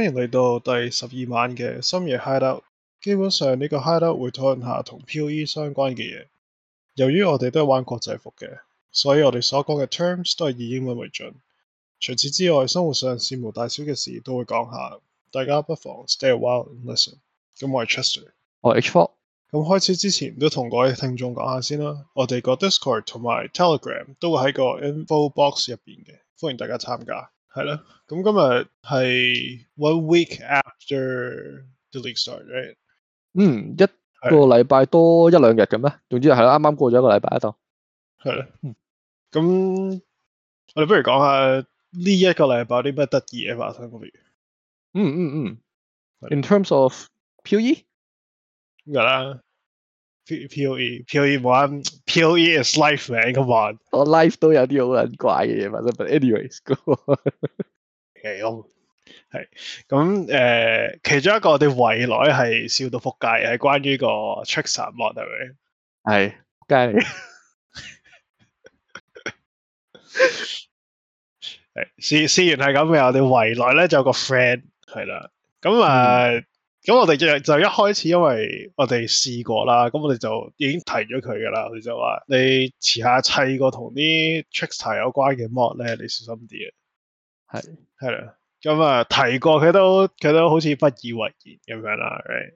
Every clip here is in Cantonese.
歡迎嚟到第十二晚嘅深夜 hideout。基本上呢個 hideout 會討論下同 POE 相關嘅嘢。由於我哋都係玩國際服嘅，所以我哋所講嘅 terms 都係以英文為準。除此之外，生活上事無大小嘅事都會講下，大家不妨 stay a while and listen。咁我係 Chester，我係 H4。咁開始之前都同各位聽眾講下先啦。我哋個 Discord 同埋 Telegram 都會喺個 info box 入邊嘅，歡迎大家參加。係咯，咁今日係 one week after the league start right。嗯，一個禮拜多一兩日咁咩？總之係啦，啱啱過咗一個禮拜一度。係咯，嗯，咁我哋不如講下呢一個禮拜有啲咩得意嘅發生過嘅。嗯嗯嗯，In terms of POE，邊個啦？P O E P O E，冇啊，P O E is lifeman，come on，我 life 都有啲好撚怪嘅嘢。But anyway, go。係咯，係。咁誒，其中一個我哋圍內係笑到撲街，係關於個 Trickster model。係。梗係。係，事事源係咁嘅。我哋圍內咧就有個 friend，係啦。咁啊。咁我哋就一開始，因為我哋試過啦，咁我哋就已經提咗佢噶啦。佢就話：你遲下砌過同啲 trickster 有關嘅 mod 咧，你小心啲啊。係係啦。咁啊、嗯，提過佢都佢都好似不以為然咁樣啦。Right?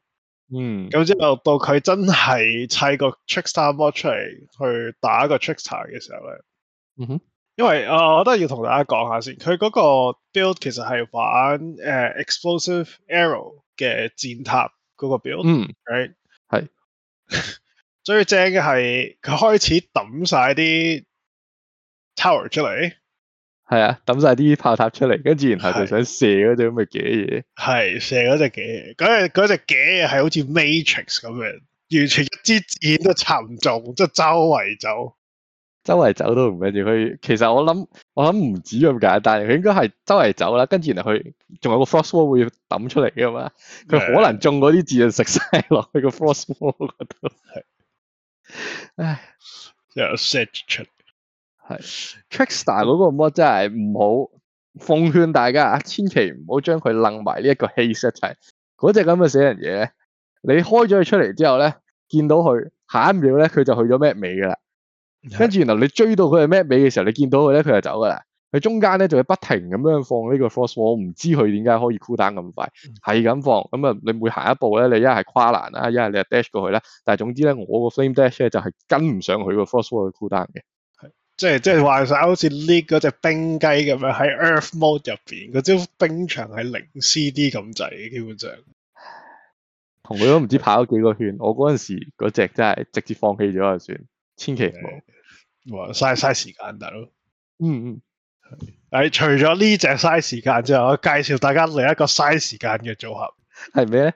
嗯。咁之後到佢真係砌個 trickster mod 出嚟去打個 trickster 嘅時候咧，嗯、哼。因為啊、呃，我都係要同大家講下先。佢嗰個 build 其實係玩、呃、explosive arrow。嘅箭塔嗰、那個表，係、嗯，係、right? 最正嘅係佢開始抌晒啲 tower 出嚟，係啊，抌晒啲炮塔出嚟，跟住然後就想射嗰隻咁嘅嘅嘢，係射嗰隻嘅嘢，嗰隻隻嘅嘢係好似 Matrix 咁樣，完全一支箭都插唔中，即係周圍走。周圍走都唔緊要，佢其實我諗我諗唔止咁簡單，佢應該係周圍走啦，跟住然後佢仲有一個 Frost Wall 會抌出嚟嘅嘛。佢可能中嗰啲字就食晒落去個 Frost Wall 嗰度。係，唉，又有 set 出嚟。係，Trickster 嗰個 mod 真係唔好，奉勸大家啊，千祈唔好將佢楞埋呢一個 heise 掣。嗰隻咁嘅死人嘢，你開咗佢出嚟之後咧，見到佢下一秒咧，佢就去咗咩尾噶啦。跟住，原來你追到佢係咩尾嘅時候，你見到佢咧，佢就走噶啦。佢中間咧，就會不停咁樣放呢個 Frost Wall，唔知佢點解可以 cool down 咁快，係、嗯、咁放。咁啊，你每行一步咧，你一係跨欄啦，一係你係 dash 過去啦。但係總之咧，我個 flame dash 咧就係跟唔上佢個 Frost Wall 去 cool down 嘅。即係即係話晒，好似 lift 嗰隻冰雞咁樣喺 earth mode 入邊，嗰種冰牆係零 C D 咁滯，基本上同佢都唔知跑咗幾個圈。我嗰陣時嗰隻真係直接放棄咗就算，千祈唔好。哇！嘥嘥時間，大佬，嗯嗯，誒，除咗呢隻嘥時間之外，我介紹大家另一個嘥時間嘅組合，係咩咧？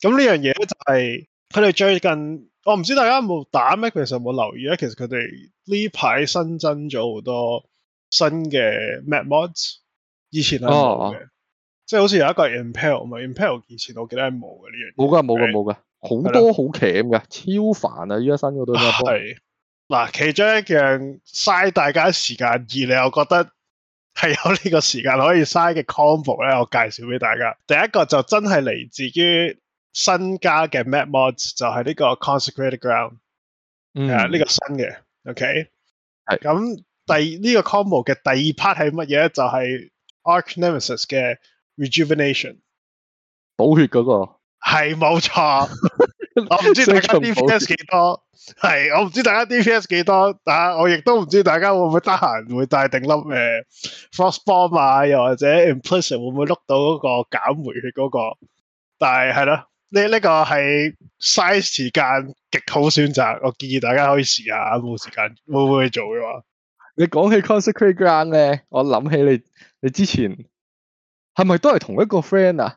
咁呢樣嘢咧就係佢哋最近，我唔知大家有冇打咩，其實有冇留意咧？其實佢哋呢排新增咗好多新嘅 map mods，以前係、哦哦、即係好似有一個 impel 啊，impel 以前我記得係冇嘅呢樣，冇噶，冇噶，冇噶，好多好咁噶，超煩啊！依家新嗰堆都係。嗱，其中一樣嘥大家時間，而你又覺得係有呢個時間可以嘥嘅 combo 咧，我介紹俾大家。第一個就真係嚟自於新加嘅 Map Mods，就係呢個 Consecrated Ground，係、嗯、呢、啊呢個新嘅，OK。係。咁第呢個 combo 嘅第二 part 係乜嘢咧？就係、是、Arch Nemesis 嘅 Rejuvenation，補血嗰、那個。係冇錯，錯 我唔知道大家 DPS 幾多。係 我唔知道大家 DPS 幾多，但、啊、我亦都唔知道大家會唔會得閒會帶定粒誒 frost bomb 啊，又或者 implicit 會唔會碌到嗰個減回血嗰、那個？但係，係咯，呢呢、這個係嘥時間極好選擇，我建議大家可以試下。冇時間會唔會去做嘅話，你講起 consecrate ground 咧，我諗起你你之前係咪都係同一個 friend 啊？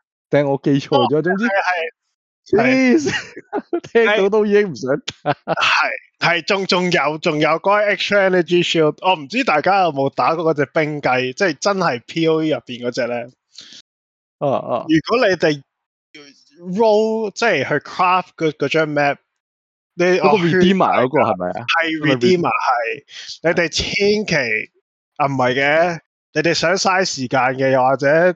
定我記錯咗、哦，總之係聽到都已經唔想打。係係仲仲有仲有嗰個 extra energy shield，我唔知大家有冇打過嗰隻冰計，即、就、係、是、真係 P O E 入邊嗰隻咧。哦哦，如果你哋 roll 即係去 craft 嗰嗰張 map，你我 Redeemer 嗰個係咪、那個那個那個、啊？係 Redeemer 係，你哋千祈啊唔係嘅，你哋想嘥時間嘅又或者。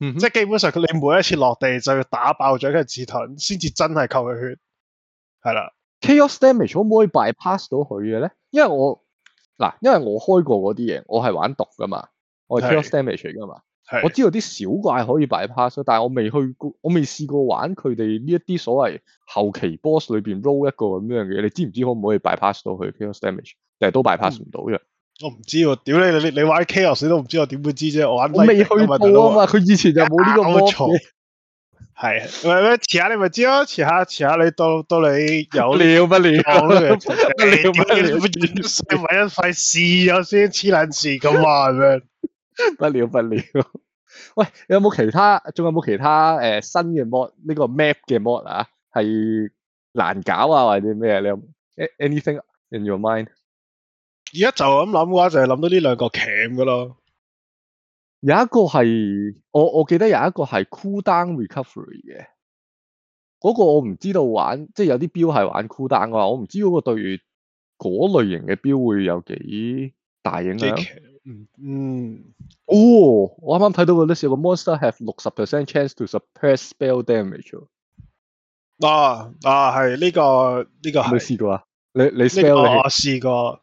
嗯、即係基本上佢你每一次落地就要打爆咗一個子彈先至真係扣佢血，係啦。chaos damage 可唔可以 bypass 到佢嘅咧？因為我嗱，因為我開過嗰啲嘢，我係玩毒噶嘛，我係 chaos 是 damage 噶嘛，我知道啲小怪可以 bypass，但係我未去我未試過玩佢哋呢一啲所謂後期 boss 裏邊 roll 一個咁樣嘅嘢，你知唔知可唔可以 bypass 到佢 chaos damage？定係都 bypass 唔到嘅？嗯我唔知喎、啊，屌你你你玩 K 流水都唔知我點會知啫、啊，我玩。我未去過啊嘛，佢以前就冇呢個 mod。係啊，喂喂，遲下你咪知咯，遲下遲下你到到你有了不了。我唔要，我唔要，我唔要。喂，快試咗先，黐卵線咁話咩？不了不了。 不料不料不料不 喂，有冇其他？仲有冇其他誒、呃、新嘅 mod？呢個 map 嘅 mod 啊，係難搞啊，或者咩、啊？你有？anything in your mind？而家就咁諗嘅話，就係諗到呢兩個 cam 嘅咯。有一個係我我記得有一個係 Cooldown Recovery 嘅，嗰、嗰個我唔知道玩，即係有啲標係玩 Cooldown 嘅話，我唔知嗰個對嗰類型嘅標會有幾大影響。嗯，哦、oh,，oh, 我啱啱睇到個 list 有個 Monster have 六十 percent chance to suppress spell damage。啊啊，係呢、呢個呢、呢個係咪試過啊？你你 spell 你、哦？我試過。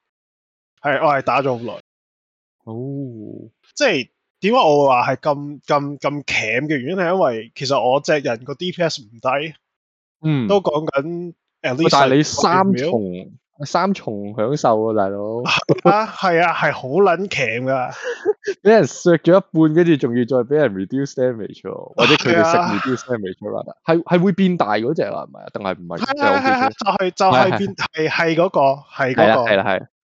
係，我係打咗好耐，哦、oh，即係點解我會話係咁咁咁 cam 嘅原因係因為其實我隻人個 DPS 唔低，嗯，都講緊，但係你三重三重享受啊，大佬是啊，係啊，係好撚 cam 噶，俾 人削咗一半，跟住仲要再俾人 reduce damage，啊、或者佢哋食 reduce damage，係係會變大嗰隻啦，唔係，定係唔係？就係、是、就係、是、變係係嗰個，係嗰、那個，係啦係。是啊是啊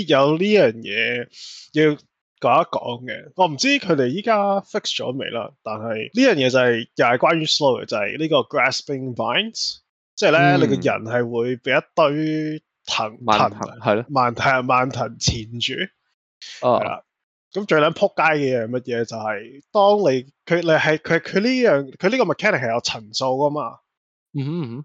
有呢樣嘢要講一講嘅，我唔知佢哋依家 fix 咗未啦。但係呢樣嘢就係、係、又係關於 slow 就係呢個 grasping vines，即係咧你個人係會被一堆藤藤係咯，蔓藤蔓藤纏住。係、哦、啦，咁最撚撲街嘅嘢係乜嘢就係當你佢你係佢佢呢樣佢呢個 mechanic 係有層數噶嘛。嗯，嗯，嗯，嗯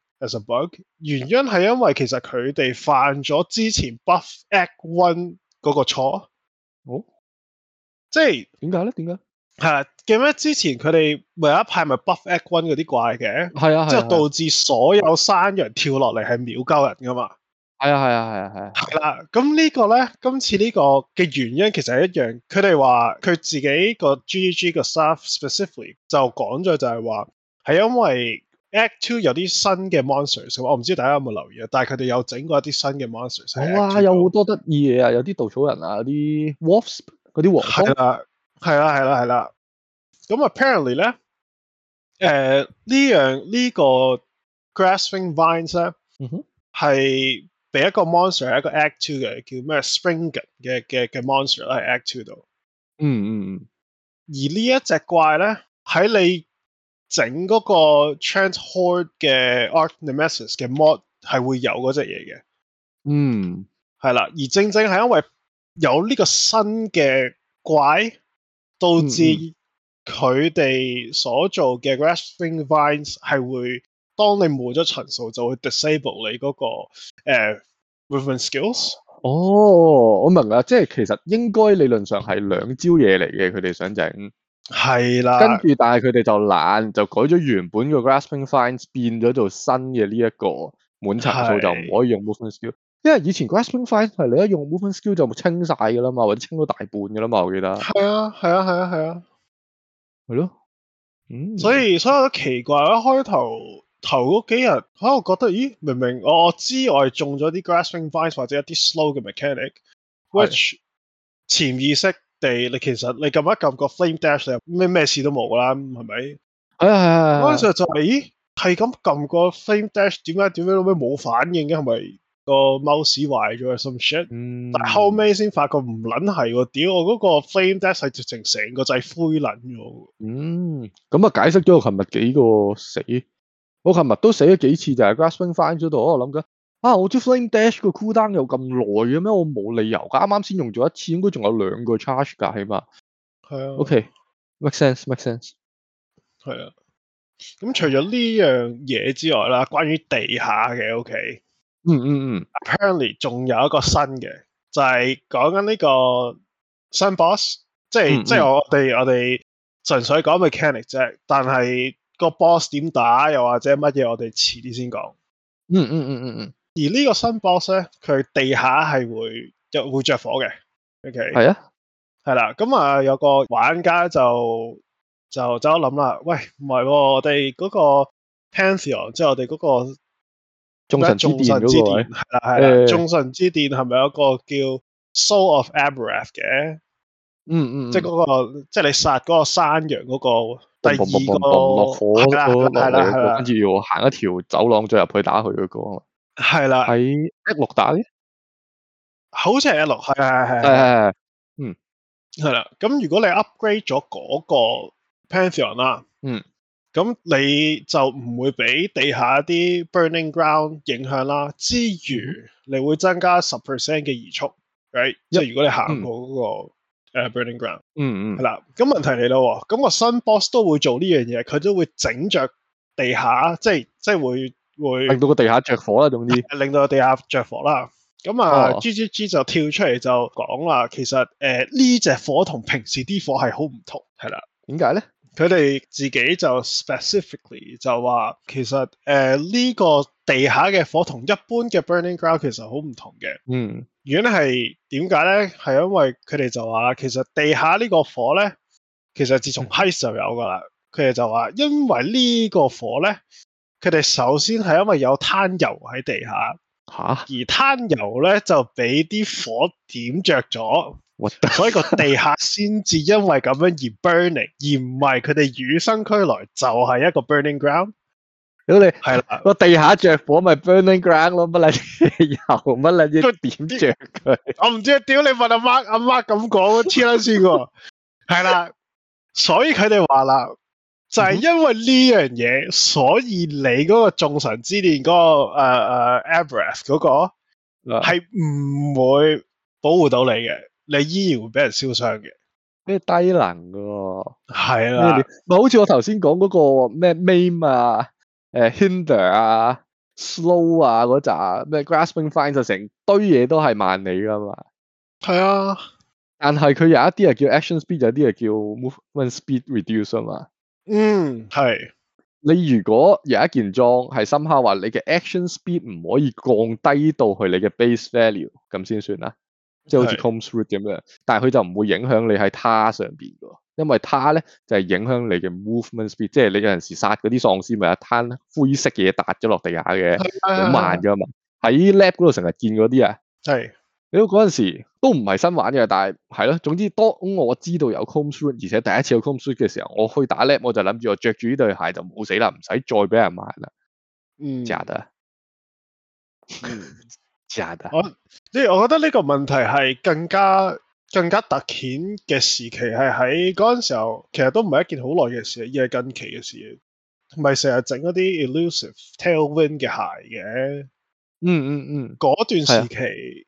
as a bug，原因係因為其實佢哋犯咗之前 buff Act One 嗰個錯，好、哦，即係點解咧？點解係啊，記唔記得之前佢哋咪有一派咪 buff Act One 嗰啲怪嘅？係啊，即係、啊、導致所有山羊跳落嚟係秒鳩人噶嘛？係啊，係啊，係啊，係啊，係啦。咁呢個咧，今次呢個嘅原因其實係一樣。佢哋話佢自己個 GGG 嘅 staff specifically 就講咗就係話係因為。Act Two 有啲新嘅 monsters，我唔知大家有冇留意啊，但係佢哋有整過一啲新嘅 monsters。哇，有好多得意嘢啊，有啲稻草人啊，啲 wasps，嗰啲黃。係啦，係啦、啊，係啦、啊。咁、啊啊、apparently 咧，誒呢樣呢個 grasping vines 咧，係、嗯、俾一個 monster，係一個 Act Two 嘅，叫咩 Springer 嘅嘅嘅 monster 喺 Act Two 度。嗯嗯嗯。而這怪呢一隻怪咧喺你。整嗰個 Trans Horde 嘅 Archnemesis 嘅 Mod 係會有嗰隻嘢嘅，嗯，係啦，而正正係因為有呢個新嘅怪，導致佢哋所做嘅 Grasping Vines 係會，當你冇咗層數，就會 disable 你嗰、嗰個誒、uh, Movement Skills。哦，我明啦，即係其實應該理論上係兩招嘢嚟嘅，佢哋想整。係啦，跟住但係佢哋就懶，就改咗原本個 grasping fines 變咗做新嘅呢一個滿層數就唔可以用 movement skill，因為以前 grasping fines 係你一用 movement skill 就清晒噶啦嘛，或者清咗大半噶啦嘛，我記得。係啊，係啊，係啊，係啊，係咯、啊啊，嗯，所以所有都奇怪，一開頭頭嗰幾日，哈，我覺得，咦，明明我我外中咗啲 grasping fines 或者一啲 slow 嘅 mechanic，which、啊、潛意識。地你其實你撳一撳個 flame dash，你咩咩事都冇啦，係咪？嗰陣時就咦，係咁撳個 flame dash，點解點樣咁冇反應嘅？係咪個 mouse 壞咗 some shit？但後尾先發覺唔卵係喎，屌我嗰個 flame dash 係直情成個掣灰卵咗，嗯。嗯，咁啊解釋咗我琴日幾個死，我琴日都死咗幾次就係、是、grasping fine 咗度，我諗緊。啊！我做 Flame Dash 個 Cooldown 又咁耐嘅咩？我冇理由，啱啱先用咗一次，應該仲有兩個 charge 噶，起碼係啊。OK，make sense，make sense。係啊。咁除咗呢樣嘢之外啦，關於地下嘅 OK，嗯嗯嗯，Apparently 仲有一個新嘅，就係講緊呢個新 Boss，即係、嗯嗯、即係我哋我哋純粹講 mechanic 啫，但係個 Boss 點打，又或者乜嘢，我哋遲啲先講。嗯嗯嗯嗯嗯。而呢個新 boss 咧，佢地下係會着會着火嘅。O K，係啊，係啦。咁啊，有個玩家就就就諗啦，喂，唔係我哋嗰個 Pantheon，即係我哋嗰、嗰個眾神之殿嗰、嗰個，係啦係眾神之殿係咪有一個叫 Soul of Abberath 嘅？嗯嗯，即係、那、嗰個，即係你殺嗰個山羊嗰個第二個落火嗰、嗰個，跟住要行一條走廊再入去打佢嗰、嗰個。係啦，喺一六打啲，好似係一六，係係係，嗯，係啦、啊，咁如果你 upgrade 咗嗰個 Pantheon 啦，嗯，咁你就唔會俾地下啲 Burning Ground 影響啦，之餘你會增加十 percent 嘅移速，right，即、嗯係、如果你行到嗰個 Burning Ground，嗯嗯，係啦、啊，咁問題嚟喎。咁個新 Boss 都會做呢樣嘢，佢都會整着地下，即係即係會。會令到個地下着火啦，總之。令到個地下着火啦，咁啊，G G G 就跳出嚟就講啦，其實誒呢隻火同平時啲火係好唔同，係啦。點解咧？佢哋自己就 specifically 就話，其實誒呢、呃這個地下嘅火同一般嘅 burning ground 其實好唔同嘅。嗯、mm.。如果係點解咧？係因為佢哋就話啦，其實地下呢個火咧，其實自從 Haze 就有噶啦。佢、嗯、哋就話，因為呢個火咧。佢哋首先係因為有灘油喺地下，吓，而灘油咧就俾啲火點着咗，所以個地下先至因為咁樣而 burning， 而唔係佢哋與生俱來就係一個 burning ground。屌你係啦，個地下着火咪、就是、burning ground 咯，乜嚟啲油，乜嚟啲點着佢？我唔知，屌你問阿 Mark，阿 Mark 媽咁講，黐啦、喔，綫喎。係啦，所以佢哋話啦。就係、是、因為呢樣嘢，所以你嗰個眾神之殿，那個，嗰、uh, uh, 那個誒誒，Abberath 嗰個係唔會保護到你嘅，你依然會俾人燒傷嘅。咩低能噶？係啦，咪好似我頭先講嗰個咩 maim 啊，誒、啊、hinder 啊，slow 啊嗰扎咩 grasping find 就成堆嘢都係慢你噶嘛。係啊，但係佢有一啲係叫 action speed，有啲係叫 movement speed reduce 啊嘛。嗯，係。你如果有一件裝係深刻話，你嘅 action speed 唔可以降低到去你嘅 base value，咁先算啦。即係好似 comes through 咁樣，但係佢就唔會影響你喺他上邊嘅。因為他咧就係、是、影響你嘅 movement speed，即係你有陣時殺嗰啲喪屍咪一攤灰色嘅嘢笪咗落地下嘅，好慢噶嘛。喺 lab 嗰度成日見嗰啲啊。你都嗰陣時都唔係新玩嘅，但係係咯，總之多。當我知道有 Kaom's Roots 而且第一次有 Kaom's Roots 嘅時候，我去打叻，我就諗住我着住呢對鞋就冇死啦，唔使再俾人賣啦。嗯，渣得，嗯，渣得。即係我覺得呢個問題係更加更加突顯嘅時期，係喺嗰陣時候，其實都唔係一件好耐嘅事，而係近期嘅事。咪成日整一啲 Elusive Tailwind 嘅鞋嘅，嗯嗯嗯，嗰、嗯、段時期。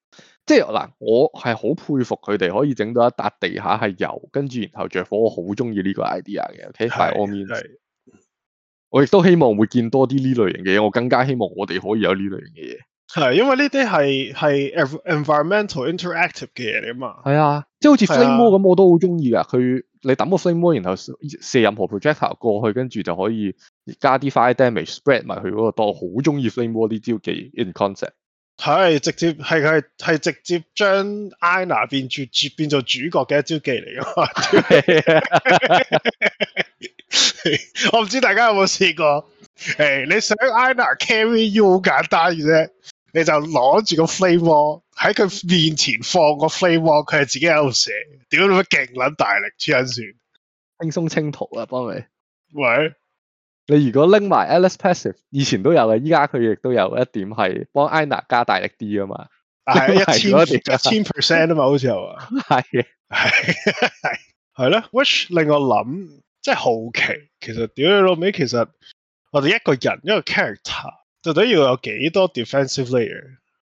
即係嗱，我係好佩服佢哋可以整到一笪地下係油，跟住然後着火。我好中意呢個 idea 嘅 okay？Okay，By all means。我亦都希望會見多啲呢類型嘅嘢，我更加希望我哋可以有呢類型嘅嘢。係，因為呢啲係係 environmental interactive 嘅嘢啊嘛。係啊，即係好似 flame wall 咁，我都好中意噶。佢，你抌個 flame wall，然後射任何 projector 過去，跟住就可以加啲 fire damage spread 埋去嗰個度。好中意 flame wall 呢招技 in concept。係直接，係佢係直接將安娜變成變做主角嘅一招技嚟噶。 我唔知大家有冇試過、欸？你想安娜 carry U 好簡單嘅啫，你就攞住個 flame wall 喺佢面前放個 flame wall，佢係自己喺度射，屌你媽，勁撚大力穿緊船，輕鬆清圖啊，幫你喂。 你如果拎埋 Alice Passive 以前都有嘅，依家佢亦都有一點係幫 Eina 加大力啲啊嘛，係、哎、一千就一千 percent 啊嘛好似候啊，係係係係咧，which 令我諗真係好奇，其實屌你老尾，其實我哋一個人一個 character 到底要有幾多 defensive layer？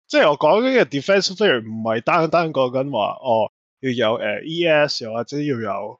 即係我講緊嘅 defensive layer 唔係單單講緊話，我、哦、要有誒、呃、ES，又或者要有。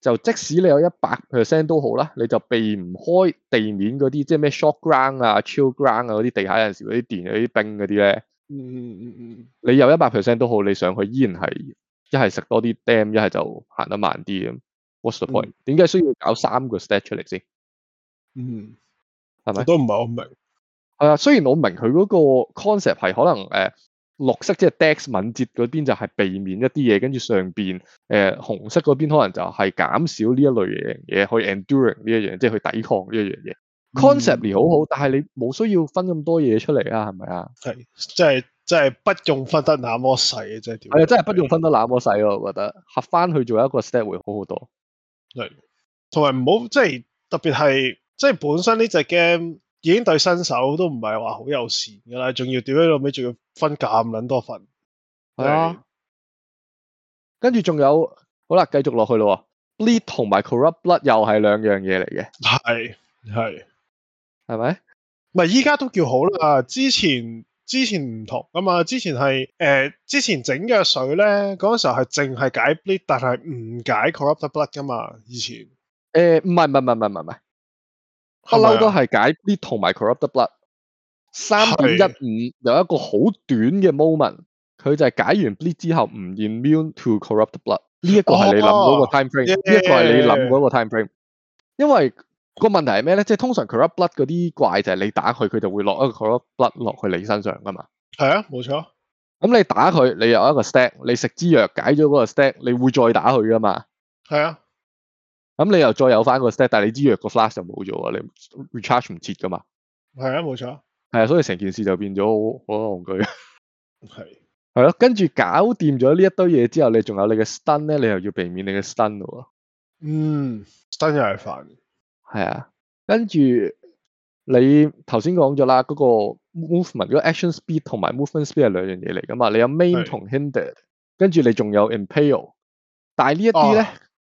就即使你有一百 percent 都好啦，你就避唔開地面嗰啲即係咩 shock ground 啊、chill ground 啊嗰啲，地下有陣時嗰啲電嗰啲冰嗰啲咧。嗯嗯嗯嗯，你有一百 percent 都好，你上去依然係一係食多啲 damn，一係就行得慢啲咁。What's the point？點、嗯、解需要搞三個 step 出嚟先？嗯，係咪？我都唔係好明。係啊，雖然我明佢嗰個 concept 係可能誒。呃綠色即係、就是、dex 敏捷嗰邊就係避免一啲嘢，跟住上邊誒、呃、紅色嗰邊可能就係減少呢一類嘢，可以 enduring 呢一樣，即係去抵抗呢一樣嘢。嗯、conceptly 好好，但係你冇需要分咁多嘢出嚟啊，係咪啊？係，即係即係不用分得那麼細嘅，即係點？係啊，真係不用分得那麼細咯，我覺得合翻去做一個 step 會好好多。係，同埋唔好即係特別係即係本身呢隻 game。已經對新手都唔係話好友善噶啦，仲要點喺度尾，仲要分咁撚多分，係啊。跟住仲有，好啦，繼續落去咯喎。Bleed 同埋 corrupt blood 又係兩樣嘢嚟嘅，係係係咪？唔係依家都叫好啦。之前之前唔同啊嘛，之前係誒、呃、之前整藥水咧，嗰陣時候係淨係解 Bleed 但係唔解 corrupt blood 噶嘛。以前誒唔係唔係唔係唔係唔係。呃不不不不不不嬲都係解 bleed 同埋 corrupt blood，三點一五有一個好短嘅 moment，佢就係解完 bleed 之後唔 immune to corrupt blood，呢一個係你諗嗰個 time frame，呢一個係你諗嗰個 time frame。因為個問題係咩咧？即係通常 corrupt blood 嗰啲怪就係你打佢，佢就會落一個 corrupt blood 落去你身上㗎嘛。係啊，冇錯。咁你打佢，你有一個 stack，你食支藥解咗嗰個 stack，你會再打佢㗎嘛？係啊。咁你又再有翻個 step，但係你知弱個 flash 就冇咗啊！你 recharge 唔切噶嘛？係啊，冇錯。係啊，所以成件事就變咗好多戇居。係係咯，跟住搞掂咗呢一堆嘢之後，你仲有你嘅 stun 咧，你又要避免你嘅 stun 咯。嗯，stun 又係煩。係啊，跟住你頭先講咗啦，嗰、那個 movement，如果 action speed 同埋 movement speed 係兩樣嘢嚟噶嘛？你有 main 同 hinder，e d 跟住你仲有 impale，但係呢一啲咧。啊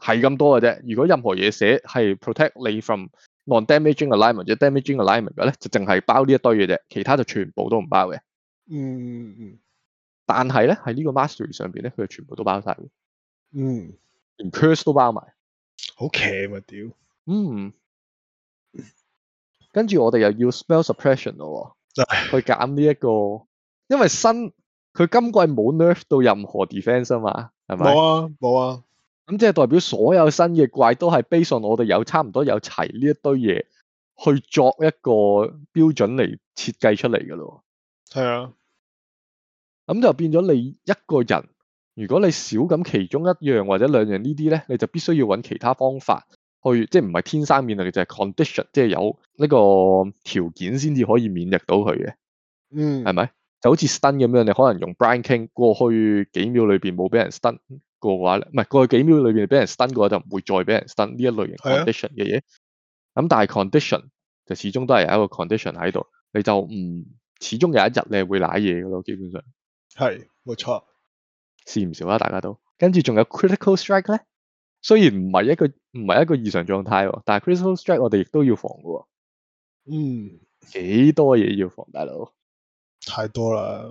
係咁多嘅啫。如果任何嘢寫係 protect 你 from non-damaging alignment 或者 damaging alignment 嘅咧，就淨係包呢一堆嘅啫，其他就全部都唔包嘅。嗯嗯嗯。但係咧喺呢個 mastery 上邊咧，佢係全部都包晒嘅。嗯，連 curse 都包埋，好邪啊！屌，嗯，跟住我哋又要 spell suppression 咯，去減呢一個，因為新佢今季冇 nerf 到任何 defense 啊嘛，係咪？冇啊，冇啊。咁即係代表所有新嘅怪都係 base on 我哋有差唔多有齊呢一堆嘢去作一個標準嚟設計出嚟㗎咯。係啊，咁就變咗你一個人，如果你少咁其中一樣或者兩樣呢啲咧，你就必須要揾其他方法去，即係唔係天生免疫，就係、是、condition，即係有呢個條件先至可以免疫到佢嘅。嗯，係咪就好似 stun 咁樣？你可能用 Brine King 過去幾秒裏邊冇俾人 stun。嘅話唔係過去幾秒裏邊俾人 stun 嘅話就唔會再俾人 stun。呢一類型 condition 嘅嘢，咁、啊、但係 condition 就始終都係有一個 condition 喺度，你就唔始終有一日你係會瀨嘢噶咯，基本上係，冇錯。少唔少啦？大家都跟住仲有 critical strike 咧，雖然唔係一個唔係一個異常狀態，但係 critical strike 我哋亦都要防噶。嗯，幾多嘢要防，大佬？太多啦。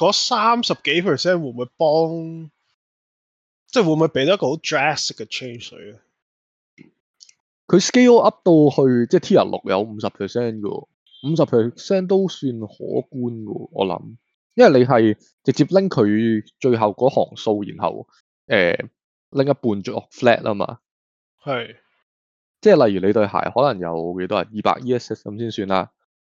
嗰三十幾 percent 會唔會幫，即係會唔會俾到一個好 drastic 嘅 change 水啊？佢 scale up 到去即係 tier 六有五十 percent 嘅喎，五十 percent 都算可觀嘅喎，我諗，因為你係直接拎佢最後嗰行數，然後誒拎、呃、一半做 flat 啊嘛，係，即係例如你對鞋可能有幾多啊？二百 E S 咁先算啦。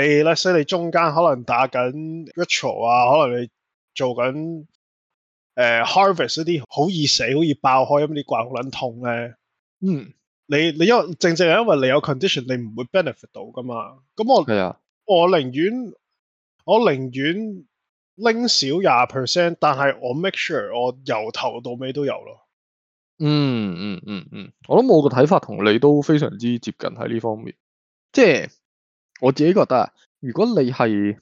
你咧，所以你中間可能打緊 ritual 啊，可能你做緊誒、呃、harvest 嗰啲好易死，好易爆開咁啲怪好撚痛咧。嗯，你你因為正正係因為你有 condition，你唔會 benefit 到噶嘛。咁我，係啊，我寧願我寧願拎少廿 percent，但係我 make sure 我由頭到尾都有咯。嗯嗯嗯嗯，我諗我個睇法同你都非常之接近喺呢方面，即係。我自己覺得啊，如果你係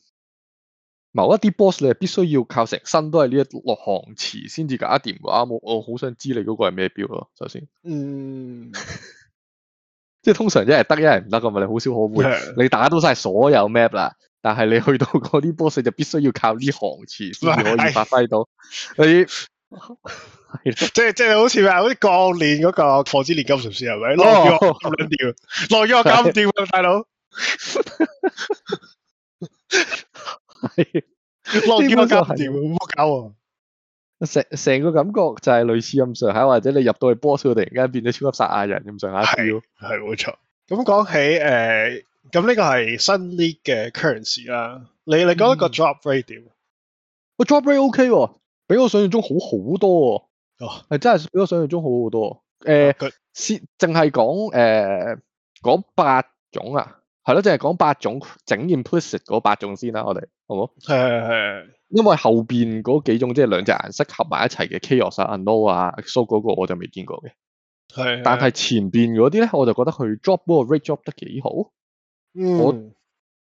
某一啲 boss，你係必須要靠成身都係呢一落行詞先至搞得掂嘅話。我我好想知你嗰個係咩標咯，首先。嗯。 即係通常一係得一係唔得噶嘛，你好少可換。Yeah. 你打到晒所有 map 啦，但係你去到嗰啲 boss 就必須要靠呢行詞先至可以發揮到。 你係 即係即係好似話嗰啲鋼鏈嗰個《鋼之煉金術師》係咪、oh.？落咗我搞唔掂，落咗我搞唔掂啊，大佬！係， 浪叫個格調冇搞啊！成成個感覺就係類似咁上下，或者你入到去 boss，突然間變咗超級撒亞人咁上下 feel 係，冇錯。咁講起誒，咁、呃、呢個係新 league 嘅 currency 啦。你你覺得一個 drop rate 點？個、嗯、drop rate OK、哦、比我想象中好好多係、哦哦、真係比我想象中好好多。誒、呃，先淨係講誒嗰八種啊。係咯，即係講八種整件 implicit 嗰八種先啦，我哋好冇？好？係係係，因為後邊嗰幾種即係兩隻顏色合埋一齊嘅 K o 色啊 No 啊 So 嗰個我就未見過嘅，係。但係前邊嗰啲咧，我就覺得佢 drop 嗰個 rate drop 得幾好。嗯。我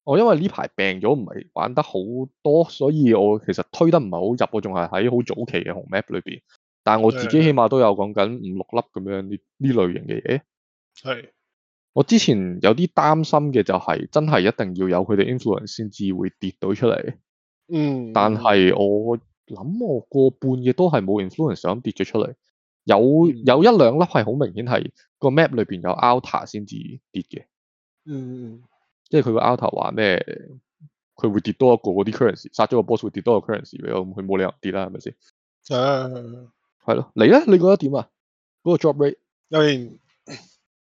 我因為呢排病咗，唔係玩得好多，所以我其實推得唔係好入，我仲係喺好早期嘅紅 map 裏邊。但係我自己起碼都有講緊五六粒咁樣呢呢類型嘅嘢。係。我之前有啲擔心嘅就係真係一定要有佢哋 influence 先至會跌到出嚟，嗯。但係我諗我過半嘅都係冇 influence，想跌咗出嚟。有有一兩粒係好明顯係個 map 裏邊有 altar 先至跌嘅，嗯，即係佢個 altar 話咩？佢會跌多一個嗰啲 currency，殺咗個 boss 會跌多個 currency，畀我。佢冇理由唔跌啦，係咪先？係係咯，你咧？你覺得點啊？嗰、嗰個 drop rate 有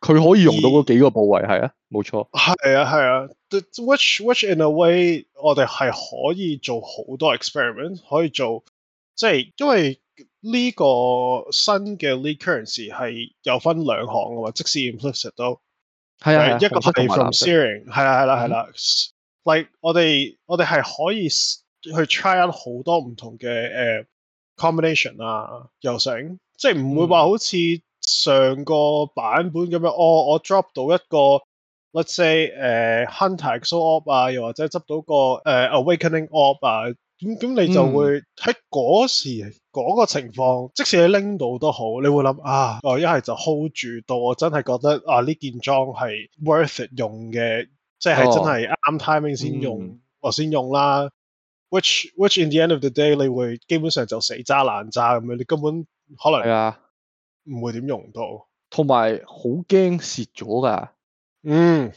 佢可以用到嗰幾個部位係啊，冇錯。係啊係啊，the which which in a way 我哋係可以做好多 experiment，可以做即係、就是、因為呢個新嘅 lead currency 係有分兩行嘅嘛，即使 implicit 都係啊，一個 different 係啦係啦係啦，like 我哋我哋係可以去 try out 好多唔同嘅誒、uh, combination 啊，又成，即係唔會話好似。嗯上個版本咁樣，我、哦、我 drop 到一個 let's say h、uh, huntax orb 啊，又或者執到個、uh, awakening orb 啊，咁、嗯、咁你就會喺嗰、嗯、時嗰、嗰個情況，即使你拎到都好，你會諗啊，我一係就 hold 住到我、啊哦嗯，我真係覺得啊呢件裝係 worth it 用嘅，即係真係啱 timing 先用，我先用啦。Which which in the end of the day，你會基本上就死渣爛渣咁樣，你根本可能啊。唔會點用到，同埋好驚蝕咗噶，嗯，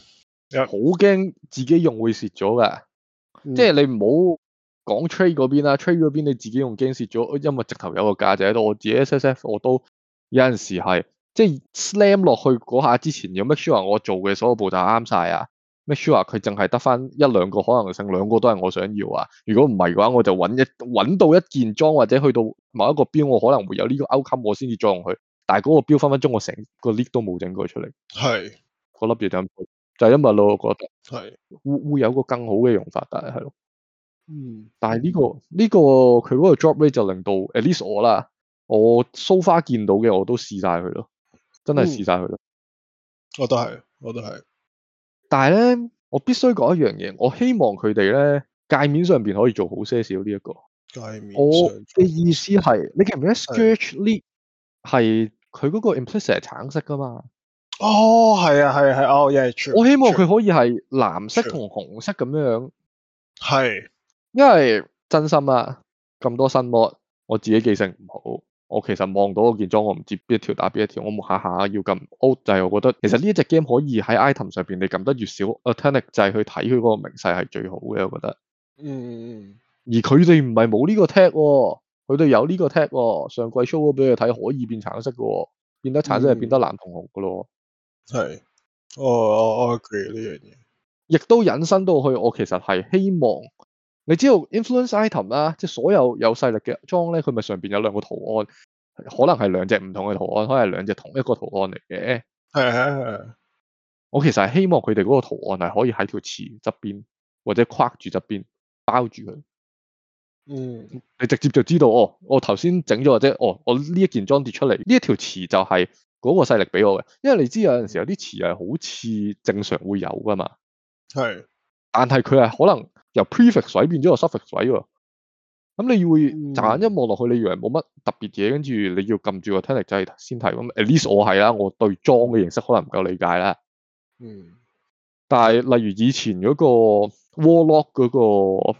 好驚自己用會蝕咗噶，即係你唔好講 trade 嗰邊啦，trade 嗰邊你自己用驚蝕咗，因為直頭有個價就喺度，我自己 S S F 我都有陣時係即係 slam 落去嗰下之前有 make sure 我做嘅所有步驟啱晒啊，make sure 佢淨係得翻一兩個可能性，兩個都係我想要啊，如果唔係嘅話，我就搵一搵到一件裝或者去到某一個標，我可能會有呢個 outcome，我先至裝佢。但係嗰個標分分鐘我整個都沒弄過出來，我成、那個 link 都冇整佢出嚟。係，嗰粒嘢就就是、係因為咯，我覺得係會會有個更好嘅用法，是但係係咯，嗯。但係呢、這個呢、這個佢嗰個 drop rate 就令到、嗯、at least 我啦，我 so far 見到嘅我都試晒佢咯，真係試晒佢咯。我都係，我都係。但係咧，我必須講一樣嘢，我希望佢哋咧界面上面可以做好些少呢一、這個界面。我嘅意思係、嗯，你見唔見 search link 係？League, 佢嗰個 implicit 係橙色噶嘛，哦是、啊是啊？哦，係啊，係啊，係哦，我希望佢可以係藍色同紅色咁樣樣。係，因為真心啊，咁多新 mod，我自己記性唔好，我其實望到嗰件裝，我唔知邊一條打邊一條，我冇下下要撳 O 掣係我覺得，其實呢一隻 game 可以喺 item 上邊，你撳得越少 alternate 就係去睇佢嗰個名勢係最好嘅。我覺得，嗯，而佢哋唔係冇呢個 tag、哦。佢哋有呢個 tap 喎、哦，上季 show 俾佢睇，可以變橙色嘅、哦，變得橙色就變得藍紅紅嘅咯。係、嗯，我我 agree 呢樣嘢，亦都引申到去。我其實係希望，你知道 influence item 啦，即係所有有勢力嘅裝咧，佢咪上邊有兩個圖案，可能係兩隻唔同嘅圖案，可能係兩隻同一個圖案嚟嘅。係係係，我其實係希望佢哋嗰個圖案係可以喺條池側邊，或者框住側邊，包住佢。嗯，你直接就知道哦，我頭先整咗或者哦，我呢一件裝跌出嚟，呢一條詞就係嗰個勢力俾我嘅，因為你知有陣時有啲詞係好似正常會有噶嘛，係，但係佢係可能由 prefix 改變咗個 suffix 喎，咁、嗯、你會乍眼一望落去，你以為冇乜特別嘢，跟住你要撳住個聽力掣先睇，咁 at least 我係啦，我對裝嘅認識可能唔夠理解啦，嗯，但係例如以前嗰個 warlock 嗰、嗰個。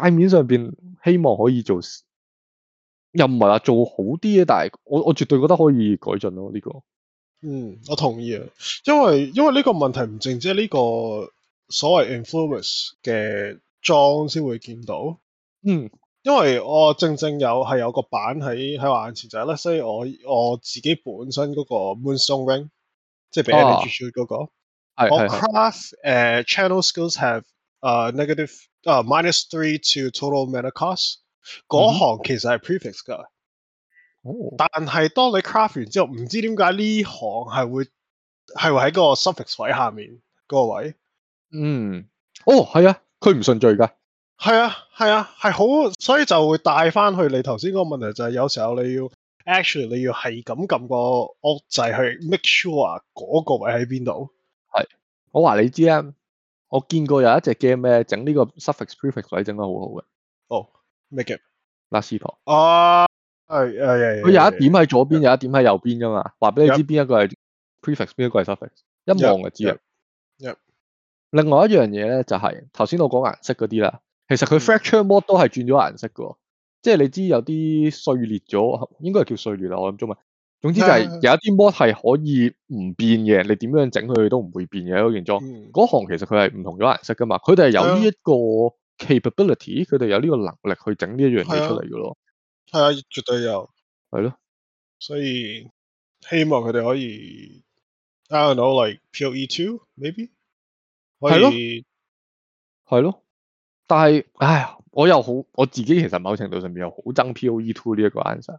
界面上邊希望可以做，又唔係話做好啲嘅，但係我我絕對覺得可以改進咯、啊、呢、呢個。嗯，我同意啊，因為因為呢個問題唔淨止呢個所謂 influence 嘅裝先會見到。嗯，因為我正正有係有個板喺喺我眼前就係咧，所以我我自己本身嗰個 moonstone ring 即係俾你哋住出嗰個。我 craft 誒、uh, channel skills have 啊、uh, negative。Uh, minus three to total meta cost，嗰、嗯、行其實係 prefix 噶、哦，但係當你 craft 完之後，唔知點解呢行係會係喺個 suffix 位下面嗰、那個位？嗯，哦，係啊，佢唔順序噶。係啊，係啊，係好，所以就會帶翻去你頭先個問題，就係有時候你要 actually 你要係咁撳個 alt 掣去 make sure 嗰個位喺邊度？係，我話你知啊。我見過有一隻 game 咧，整呢個 suffix prefix 位整得好好嘅。哦、oh，咩 game？拉斯陀。哦，係佢有一點喺左邊、yeah.，有一點喺右邊噶嘛。話俾你知、yeah. 邊一個係 prefix，邊一個係 suffix。一望就知啦。Yeah. Yeah. 另外一樣嘢咧就係頭先我講顏色嗰啲啦，其實佢 fracture mod 都係轉咗顏色嘅喎，mm. 即係你知有啲碎裂咗，應該係叫碎裂啊，我諗中文。總之就係有一啲 mod 係可以唔變嘅，你點樣整佢都唔會變嘅一、那個原裝。嗰、嗯、行其實佢係唔同咗顏色噶嘛，佢哋係有呢一個 capability，佢哋、啊、有呢個能力去整呢一樣嘢出嚟噶咯。係啊，啊，絕對有。係咯、啊。所以希望佢哋可以，I don't know like POE two maybe。係咯、啊。係咯、啊。但係，唉，我又好，我自己其實某程度上邊又好憎 POE two 呢一個顏色。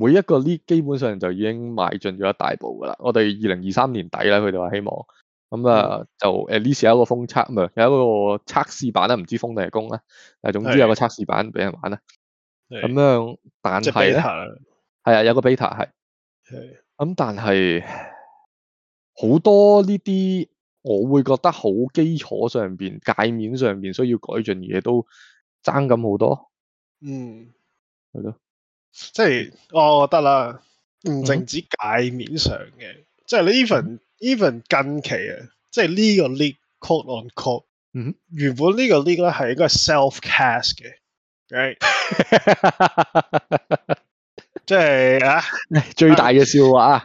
每一個呢，基本上就已經邁進咗一大步噶啦。我哋二零二三年底啦，佢哋話希望咁啊、嗯嗯，就誒呢時有一個封測，咁啊有一個測試版啦，唔知封定係公啦，但係總之有一個測試版俾人玩啦。咁樣，但係係、就係、啊，有個 beta 係，咁、嗯、但係好多呢啲，我會覺得好基礎上邊界面上邊需要改進嘅嘢都爭咁好多。嗯，係咯。即係我覺得啦，唔淨止界面上嘅，即係你 even even 近期啊，即係呢個 lead quote on quote，嗯，原本呢個 lead 咧係一個 self cast 嘅，right，即係啊，最大嘅笑話啊。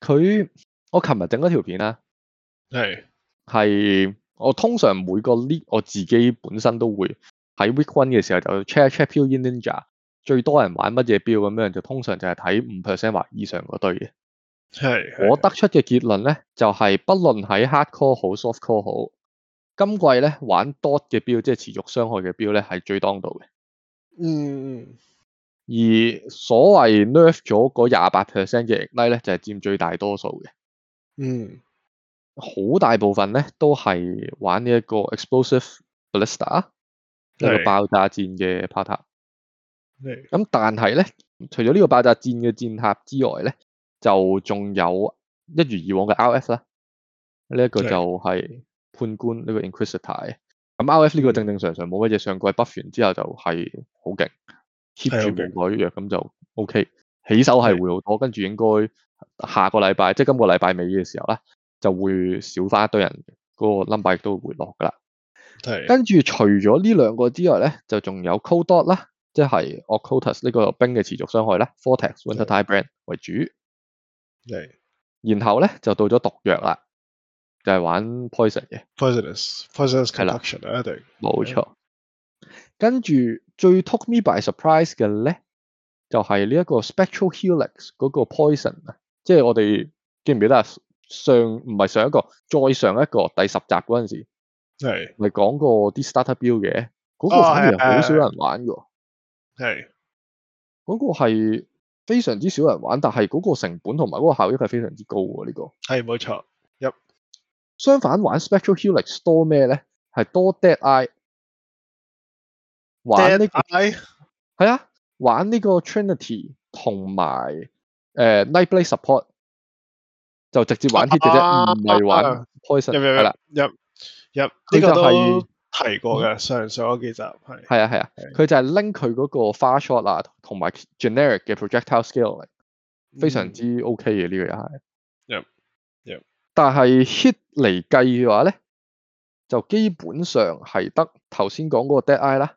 佢我琴日整嗰條片咧，係係我通常每個 league 我自己本身都會喺 week one 嘅時候就 check check poe ninja 最多人玩乜嘢 build 咁樣，就通常就係睇五 percent 或以上嗰堆嘅，係我得出嘅結論咧就係、是、不論喺 hardcore 好 softcore 好，今季咧玩 dot 嘅 build 即係持續傷害嘅 build 咧係最當道嘅，嗯嗯嗯。而所謂 nerf 咗嗰廿八 percent 嘅 ignite 咧，就係、是、佔最大多數嘅。嗯，好大部分咧都係玩呢一個 explosive blaster，一個爆炸戰嘅 partup。咁、嗯、但係咧，除咗呢個爆炸戰嘅戰塔之外咧，就仲有一如以往嘅 R.F. 啦。呢、這、一個就係判官呢個 Inquisitor。咁 R.F. 呢個正正常常冇乜嘢，上季 buff 完之後就係好勁。keep 住唔改藥咁就 O、OK, K 起手係活好多，跟住應該下個禮拜即係今個禮拜尾嘅時候啦，就會少翻一堆人嗰、那個 number 亦都會回落噶啦。係。跟住除咗呢兩個之外咧，就仲有 Cold DoT 啦，即係 Occultus 呢個冰嘅持續傷害啦 Vortex Wintertide Brand 為主。係。然後咧就到咗毒藥啦，就係、是、玩 poison 嘅。poisonous，poisonous Concoction Poisonous 啊，一定冇錯。跟住最 took me by surprise 嘅咧，就係呢一個 spectral helix 嗰個 poison 啊，即係我哋記唔記得上唔係上，上一個再上一個第十集嗰陣時係咪講過啲 starter build 嘅？嗰、那個反而好少人玩㗎，係、哦、嗰、那個係非常之少人玩，但係嗰個成本同埋嗰個效益係非常之高喎。呢、這個係冇錯，一、嗯、相反玩 spectral helix 多咩咧？係多 dead eye。玩呢個係啊，玩呢個 Trinity 同埋誒 Night、呃、Blade Support 就直接玩 hit 嘅、啊、啫，唔、啊、係玩開心係啦，入入呢個都提過嘅上上嗰幾集係係啊係啊，佢就係拎佢嗰個 Far Shot 啊同埋 Generic 嘅 Projectile Scaling 非常之 OK 嘅呢、這個係，入、嗯、但係 hit 嚟計嘅話咧，就基本上係得頭先講嗰個 Dead Eye 啦。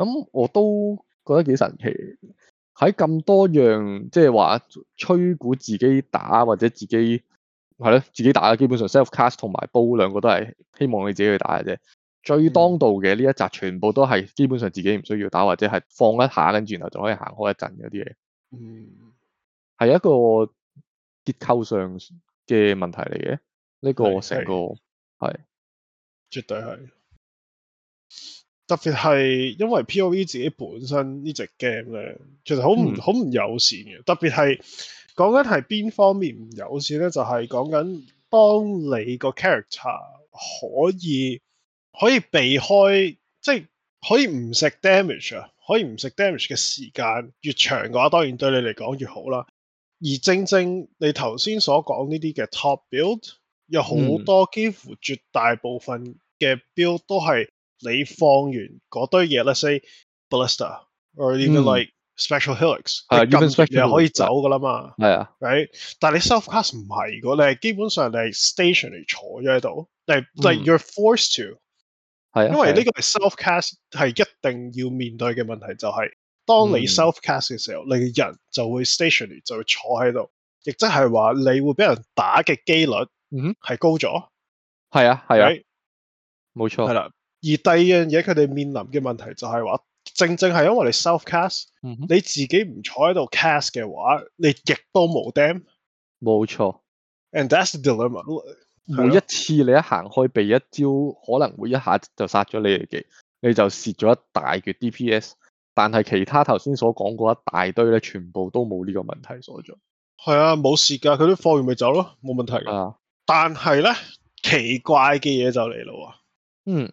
咁我都覺得幾神奇，喺咁多樣，即係話吹鼓自己打或者自己係咯，自己打嘅基本上 self cast 同埋煲兩個都係希望你自己去打嘅啫。最當道嘅呢一集全部都係基本上自己唔需要打或者係放一下，跟住然後就可以行開一陣嗰啲嘢。嗯，係一個結構上嘅問題嚟嘅，呢個成個係絕對係。特別係因為 POE 自己本身這隻呢隻 game 咧，其實好唔好唔友善嘅、嗯。特別係講緊係邊方面唔友善咧？就係講緊當你個 character 可以可以避開，即、就、係、是、可以唔食 damage 啊，可以唔食 damage 嘅時間越長嘅話，當然對你嚟講越好啦。而正正你頭先所講呢啲嘅 top build，有好多、嗯、幾乎絕大部分嘅 build 都係。你放完嗰堆嘢 Let's say Ballista，或者 like special helix，、嗯、你撳完你就可以走噶啦嘛。係啊，right？但係你 self cast 唔係噶，你係基本上你係 stationary 坐咗喺度，但、嗯、你、like、you're forced to。係啊。因為呢個係 self cast 係一定要面對嘅問題、就係，就係當你 self cast 嘅時候，嗯、你嘅人就會 stationary 就會坐喺度，亦即係話你會俾人打嘅機率是了，嗯哼，係高咗。係啊，係、right？啊。冇錯。係啦。而第二樣嘢，佢哋面臨嘅問題就係話，正正係因為你 self cast，、嗯、你自己唔坐喺度 cast 嘅話，你亦都冇 damn。冇錯。And that's the dilemma, 每一次你一行開避一招，可能會一下子就殺咗你嘅，你就蝕咗一大橛 DPS。但係其他頭先所講過一大堆咧，全部都冇呢個問題所在。係啊，冇蝕噶，佢都放完咪走咯，冇問題。是啊。但係咧，奇怪嘅嘢就嚟啦。嗯。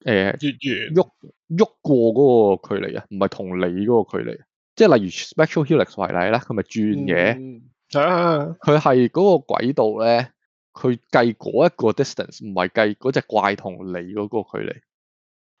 誒、欸，喐喐過嗰個距離啊，唔係同你嗰個距離，即係例如 special helix 為例啦，佢咪轉嘅，佢係嗰個軌道咧，佢計嗰一個 distance，唔係計嗰隻怪同你嗰個距離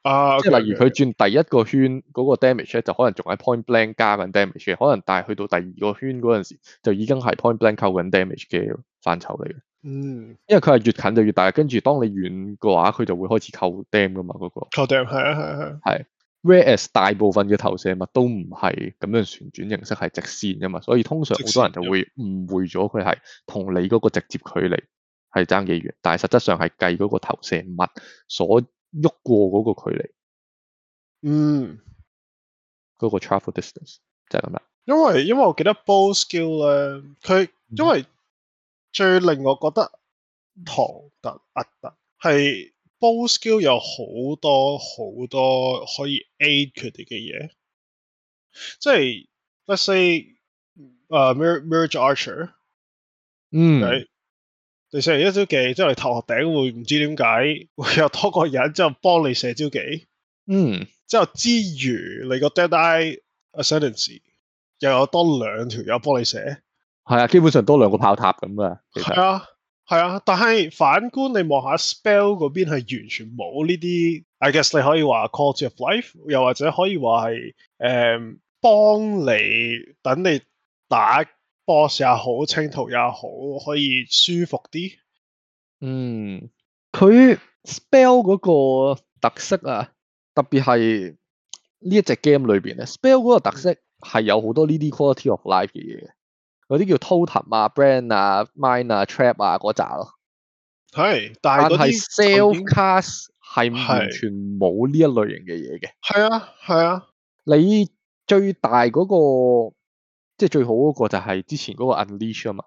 啊，okay, okay. 例如佢轉第一個圈嗰，嗰個 damage 咧，就可能仲喺 point blank 加緊 damage 嘅，可能但係去到第二個圈嗰陣時，就已經係 point blank 扣緊 damage 嘅範疇嚟嘅。嗯，因為佢係越近就越大，跟住當你遠嘅話，佢就會開始扣 dam 噶嘛，嗰、那個扣 dam 係啊係啊係係。Whereas、啊、大部分嘅投射物都唔係咁樣旋轉形式係直線噶嘛，所以通常好多人就會誤會咗佢係同你嗰個直接距離係爭幾遠，但係實質上係計嗰個投射物所喐過嗰個距離。嗯，嗰、那個 travel distance 就係咁啦。因為因為我記得 ball skill 咧，佢因為。嗯最令我覺得唐突厄突係 bow skill 有好多好多可以 aid 佢哋嘅嘢，即係，let's say，誒、uh, merge merge archer，嗯，對，你射完一招技之後你頭殼頂會唔知點解會有多個人之後幫你射招技，嗯、mm.，之後之餘你個 dead eye ascendancy 又有多兩條友幫你射。係啊，基本上多兩個炮塔咁啊。係啊，係啊，但係反觀你望下 spell 嗰邊，係完全冇呢啲，I guess 你可以話 quality of life，又或者可以話係誒，幫、嗯、你等你打 boss 也好，清圖也好，可以舒服啲。嗯，佢 spell 嗰個特色啊，特別係呢一隻 game 裏邊咧、mm.，spell 嗰個特色係有好多呢啲 quality of life 嘅嘢嘅。嗰啲叫 total 啊、brand 啊、mine 啊、trap 啊嗰扎咯，係，但係 sell 卡係完全冇呢一類型嘅嘢嘅。係啊，係啊。你最大嗰、那個，即係最好嗰個就係之前嗰個 unleash 啊嘛。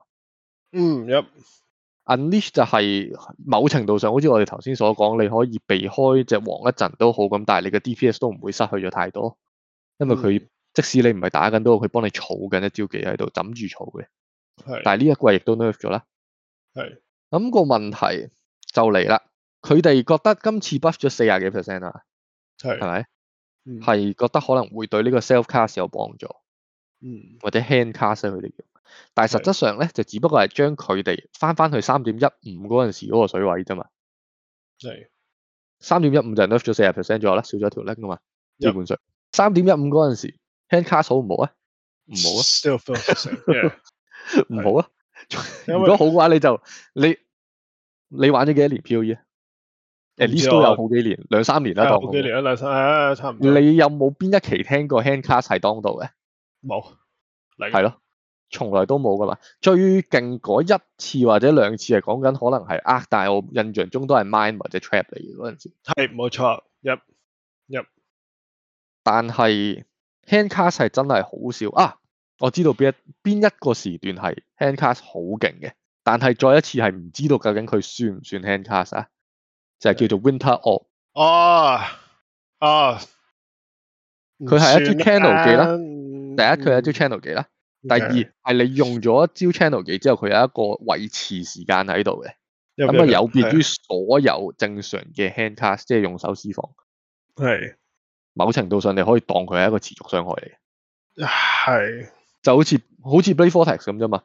嗯、yep，unleash 就係某程度上，好似我哋頭先所講，你可以避開隻黃一陣都好咁，但係你嘅 DPS 都唔會失去咗太多，因為佢、嗯。即使你唔係打緊，都佢幫你儲緊一招技喺度，枕住儲嘅。係。但係呢一季亦都 nerf 咗啦。係。咁個問題就嚟啦，佢哋覺得今次 buff 咗四十幾 percent 啦。係。係咪？係、嗯、覺得可能會對呢個 self cast 有幫助。嗯。或者 hand cast 佢哋用，但係實質上咧就只不過係將佢哋翻翻去三點一五嗰陣時嗰個水位啫嘛。係。三點一五就 nerf 咗四十 percent 咗啦，少咗一條 link 噶嘛，基本上。三點一五嗰陣時。hand c 卡好唔好啊？唔好啊，唔好啊。如果好嘅話，你就你你玩咗幾年 P.O.E？誒 least 都有好幾年，兩三年啦，啊，當好幾年啦，兩三、啊、差唔多。你有冇邊一期聽過 hand c 卡係當道嘅？冇，係咯，從來都冇噶啦。最勁嗰一次或者兩次係講緊，可能係呃、啊，但係我印象中都係 mind 或者 trap 嚟嗰陣時。係冇錯，入入，但係。handcast 係真係好少啊！我知道邊一邊一個時段係 handcast 好勁嘅，但係再一次係唔知道究竟佢算唔算 handcast 啊？就係、是、叫做 Winter Orb 哦佢係、哦、一支 channel 技啦。第一佢係一招 channel 技啦。第二係、okay, 你用咗一招 channel 技之後，佢有一個維持時間喺度嘅，咁啊有別於所有正常嘅 handcast，即係用手釋放。係。某程度上，你可以當佢係一個持續傷害嚟嘅，係就好似好似 Blade Vortex 咁啫嘛，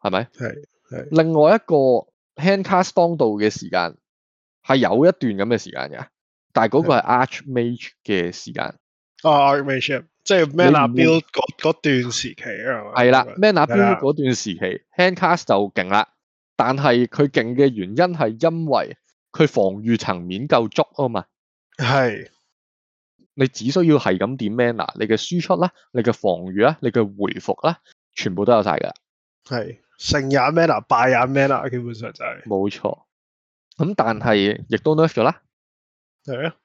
係咪？係係。另外一個 Handcast 當道嘅時間係有一段咁嘅時間嘅，但係嗰個係 Arch Mage 嘅時間。哦，Arch Mage 即係 Mana Build 嗰段時期啊係啦，Mana Build 嗰段時期，Handcast 就勁啦。但係佢勁嘅原因係因為佢防禦層面夠足啊嘛。係。是你只需要係咁點 mana 你嘅輸出啦，你嘅防禦啦，你嘅回復啦，全部都有晒噶。係成日 mana 敗也 mana 基本上就係、是。冇錯。咁、嗯、但係亦都 nerf 咗啦。係啊。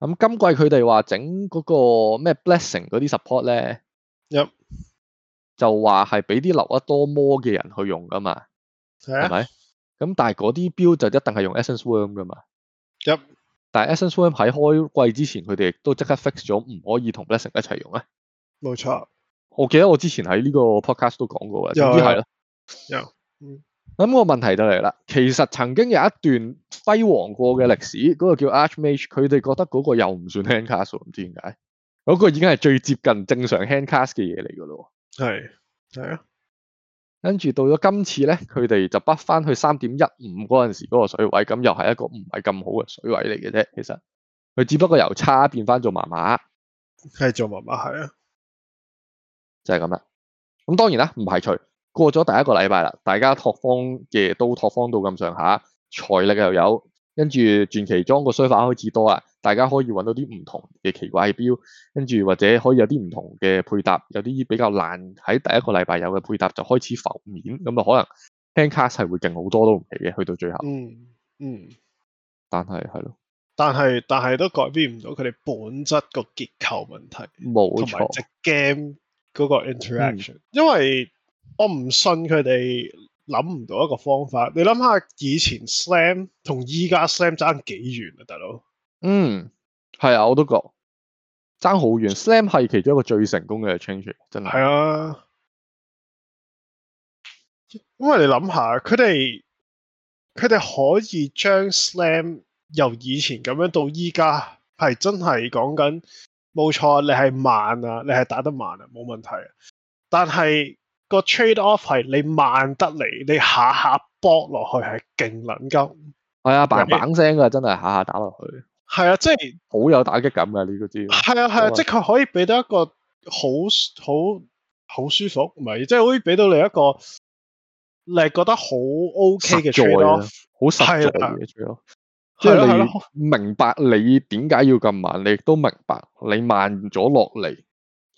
咁、嗯、今季佢哋話整嗰個咩 blessing 嗰啲 support 咧？Yep. 就說一就話係俾啲留得多魔嘅人去用噶嘛。係咪？咁、嗯、但係嗰啲標就一定係用 essence worm 噶嘛。一、yep.。但係 Essence Worm 喺開季之前，佢哋亦都即刻 fix 咗唔可以同 Blessing 一齊用咧。冇錯，我記得我之前喺呢個 podcast 都講過嘅，就係咯。有咁、嗯嗯嗰個問題就嚟啦，其實曾經有一段輝煌過嘅歷史，嗰、嗯嗰個叫 Archmage，佢哋覺得嗰個又唔算 Handcast，唔知點解嗰個已經係最接近正常 Handcast 嘅嘢嚟噶咯。係係啊。跟住到咗今次咧，佢哋就 back 翻去三點一五嗰陣時嗰個水位，咁又係一個唔係咁好嘅水位嚟嘅啫。其實佢只不過由差變翻做麻麻，係做麻麻係啊，就係咁啦。咁當然啦，唔排除過咗第一個禮拜啦，大家拓荒嘅都拓荒到咁上下，財力又有。跟住傳奇裝個衰法開始多喇，大家可以揾到啲唔同嘅奇怪嘅標，跟住或者可以有啲唔同嘅配搭，有啲比較難喺第一個禮拜有嘅配搭就開始浮面，咁啊可能 handcast 係會勁好多都唔奇嘅，去到最後。嗯嗯，但係係咯，但係但係都改變唔到佢哋本質個結構問題，冇錯。同埋隻 game 嗰個 interaction，嗯，因為我唔信佢哋。諗唔到一個方法，你諗下以前 slam 同依家 slam 爭幾遠啊，大佬？嗯，係啊，我都覺爭好遠。slam 係其中一個最成功嘅 change，真係。係啊，因為你諗下，佢哋佢哋可以將 slam 由以前咁樣到依家，係真係講緊，冇錯，你係慢啊，你係打得慢啊，冇問題啊。但係個 trade off 係你慢得嚟，你下下搏落去係勁冷金。係啊，砰砰聲嘅真係下下打落去，係啊，即係，即係好有打擊感啊。呢個知，係啊係啊，即係佢可以俾到一個好好好舒服，唔係即係可以俾到你一個你係覺得好 OK 嘅 trade off，好犀利嘅 trade off，即係你明白你點解要咁慢，你亦都明白你慢咗落嚟。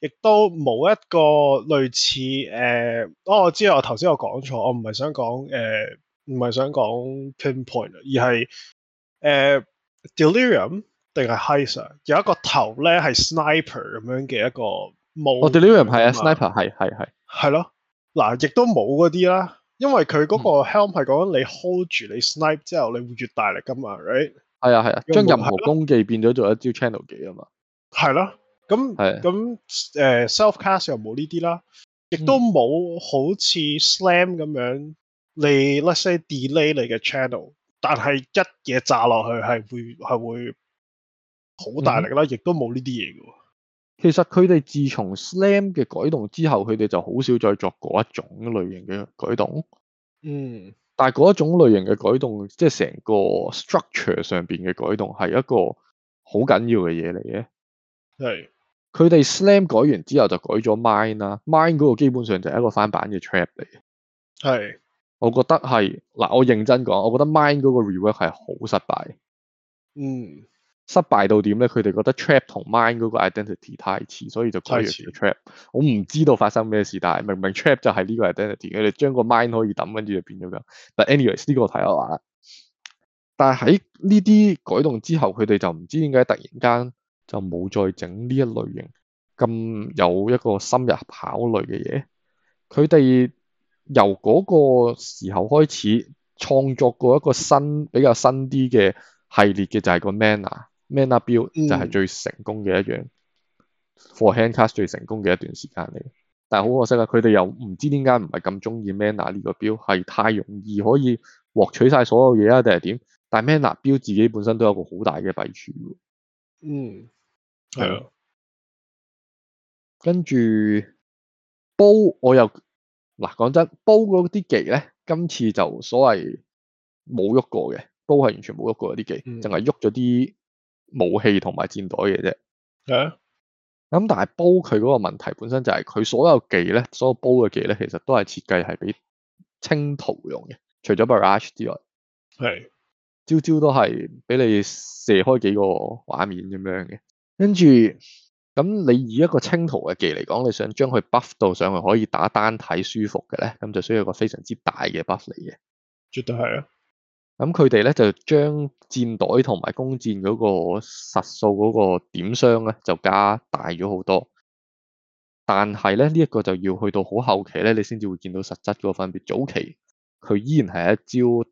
亦都冇一個類似誒，哦、呃，我知我頭先我講錯，我唔係想講誒，唔、呃、係想講 pinpoint 而係誒、呃、delirium 定係 Heist 有一個頭咧係 sniper 咁樣嘅一個冇、哦、delirium 係啊，sniper 係係係係咯，嗱，亦都冇嗰啲啦，因為佢嗰個 helm 係講緊你 hold 住你 snipe 之後你會越大力噶嘛，right？係啊，係啊，將、啊、任何攻擊變咗做一招 channel 技啊嘛，係咯、啊。咁咁 selfcast 又冇呢啲啦，亦都冇好似 slam 咁樣你、嗯、let's say delay 你嘅 channel 但，但係一嘢炸落去係會係會好大力啦，亦都冇呢啲嘢嘅。其實佢哋自從 slam 嘅改動之後，佢哋就好少再作嗰一種類型嘅改動。嗯，但係嗰一種類型嘅改動，即係成個 structure 上邊嘅改動，係一個好緊要嘅嘢嚟嘅。係。佢哋 slam 改完之後就改咗 mine 啦、啊啊、，mine 嗰個基本上就係一個翻版嘅 trap 嚟。我覺得係嗱，我認真講，我覺得 mine 嗰個 rework 係好失敗。嗯，失敗到點咧？佢哋覺得 trap 同 mine 嗰個 identity 太似，所以就改咗 trap。我唔知道發生咩事，但係明明 trap 就係呢個 identity，佢哋將個 mine 可以抌，跟住就變咗 u 但 anyways 呢個睇下話但係喺呢啲改動之後，佢哋就唔知點解突然間。就冇再整呢一類型咁有一個深入考慮嘅嘢。佢哋由嗰個時候開始創作過一個新比較新啲嘅系列嘅就係個 Manna Manna 表就係最成功嘅一樣、mm.，For Handcast 最成功嘅一段時間嚟。但係好可惜啊，佢哋又唔知點解唔係咁中意 Manna 呢個表，係太容易可以獲取晒所有嘢啊定係點？但係 Manna 表自己本身都有個好大嘅弊處，嗯。Mm. 係啊，跟住，煲我又嗱，講真，煲嗰啲技咧，今次就所謂冇喐過嘅，煲，係完全冇喐過嗰啲技，淨係喐咗啲武器同埋箭袋嘅啫。係啊，咁但係煲佢嗰個問題本身就係、是、佢所有技咧，所有煲嘅技咧，其實都係設計係俾清圖用嘅，除咗 barrage 之外，係朝朝都係俾你射開幾個畫面咁樣嘅。跟住，咁你以一個青桃嘅技嚟講，你想將佢 buff 到上去可以打單體舒服嘅咧，咁就需要一個非常之大嘅 buff 嚟嘅。絕對係啊！咁佢哋咧就將箭袋同埋弓箭嗰個實數嗰個點傷咧，就加大咗好多。但係咧呢一個就要去到好後期咧，你先至會見到實質個分別。早期佢依然係一招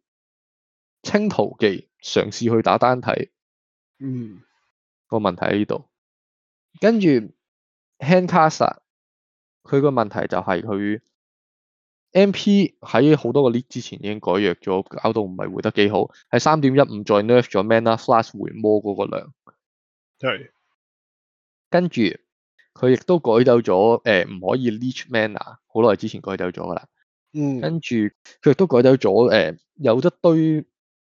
青桃技嘗試去打單體。嗯。個問題喺呢度，跟住 Handcaster 佢、啊、個問題就係佢 MP 喺好多個 Lich 之前已經改弱咗，搞到唔係回得幾好。喺三點一五再 nerf 咗 Mana Flash 回魔嗰個量，係。跟住佢亦都改走咗誒，唔、呃、可以 Leech Mana 好耐之前改走咗噶啦。嗯。跟住佢亦都改走咗誒，有一堆。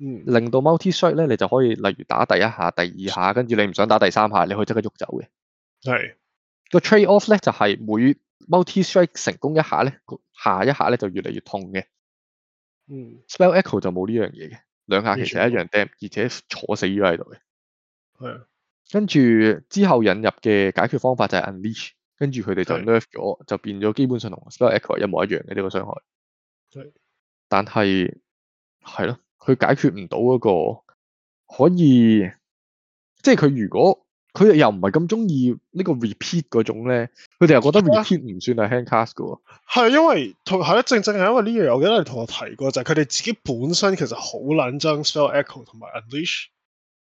嗯，令到 multi strike 咧，你就可以例如打第一下、第二下，跟住你唔想打第三下，你可以即刻喐走嘅。係個 trade off 咧，就係、是、每 multi strike 成功一下咧，下一下咧就越嚟越痛嘅。嗯，spell echo 就冇呢樣嘢嘅，兩下其實一樣 damn，而且坐死咗喺度嘅。係，跟住之後引入嘅解決方法就係 unleash，跟住佢哋就 nerf 咗，就變咗基本上同 spell echo 一模一樣嘅呢、這個傷害。但係係咯。佢解決唔到嗰個可以，即係佢如果佢哋又唔係咁中意呢個 repeat 嗰種咧，佢哋又覺得 repeat 唔、啊、算係 handcast 㗎喎。係因為同係啦，正正係因為呢、這、樣、嘢，我記得你同我提過就係佢哋自己本身其實好捻憎 spell echo 同埋 unleash。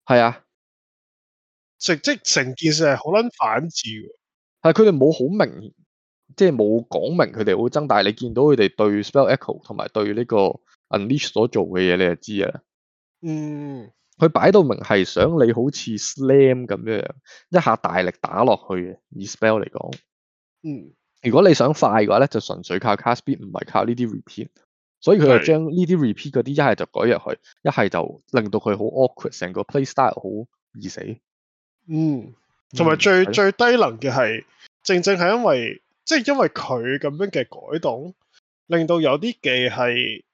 係啊，直即成件事係好捻反照，係佢哋冇好明，即係冇講明佢哋好憎，但係你見到佢哋對 spell echo 同埋對呢、這個。Unleash 所做嘅嘢，你就知啦。嗯，佢擺到明係想你好似 slam 咁樣，一下大力打落去嘅。以 spell 嚟講，嗯，如果你想快嘅話咧，就純粹靠 cast speed 唔係靠呢啲 repeat。所以佢就將呢啲 repeat 嗰啲一係就改入去，一係就令到佢好 awkward，成個 playstyle 好易死。嗯，同、嗯、埋最是的最低能嘅係，正正係因為即係、就是、因為佢咁樣嘅改動，令到有啲技係。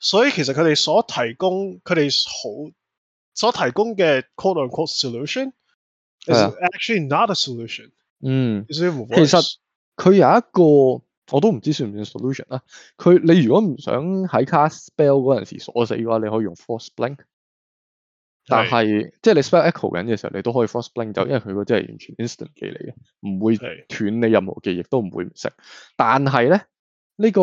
所以其實佢哋所提供佢哋好所提供嘅 quote unquote solution is actually not a solution。嗯，其實佢有一個我都唔知算唔算 solution 啦。佢你如果唔想喺卡 spell 嗰陣時鎖死嘅話，你可以用 force blink 但係即係你 spell echo 緊嘅時候，你都可以 force blink 走，因為佢個真係完全 instant 記嚟嘅，唔會斷你任何記憶，都唔會唔識。但係咧呢、呢個。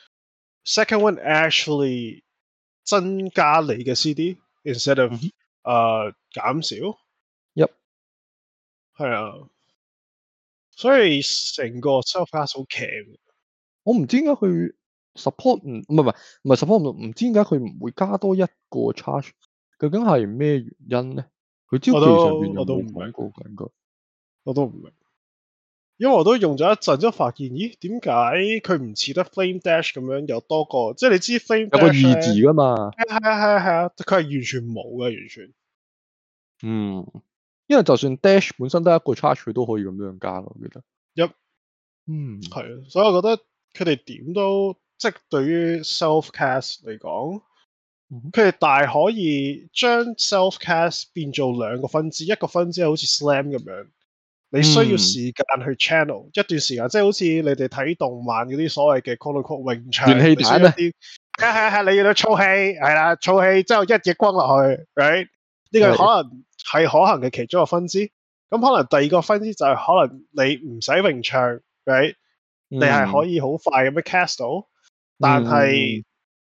Second one actually 增加你嘅 CD，instead of 誒減少。Yep。係啊，所以成個 self pass 好強。我唔知點解佢 support，唔唔係唔係唔係 support，唔知點解佢唔會加多一個 charge，究竟係咩原因咧？佢招技術原因，我都我都唔明個，我都唔明。因為我都用咗一陣，之後發現咦，點解佢唔似得 Flame Dash 咁樣有多個即係你知 Flame 有個預字噶嘛？係啊係啊係啊！佢係完全冇嘅，完全。嗯，因為就算 Dash 本身得一個 charge，佢都可以咁樣加咯。我記得。一、yep. 嗯係啊，所以我覺得佢哋點都即係對於 self cast 嚟講，佢哋大可以將 self cast 變做兩個分支，一個分支係好似 slam 咁樣。你需要時間去 channel、嗯、一段時間，即、就、係、是、好似你哋睇動漫嗰啲所謂嘅 quote quote 詠唱，樂係係你要到操氣，係啦，操氣之後一直轟落去，right 呢、這個可能係可行嘅其中一個分支。咁可能第二個分支就係可能你唔使詠唱，right、嗯、你係可以好快咁 cast 到，但係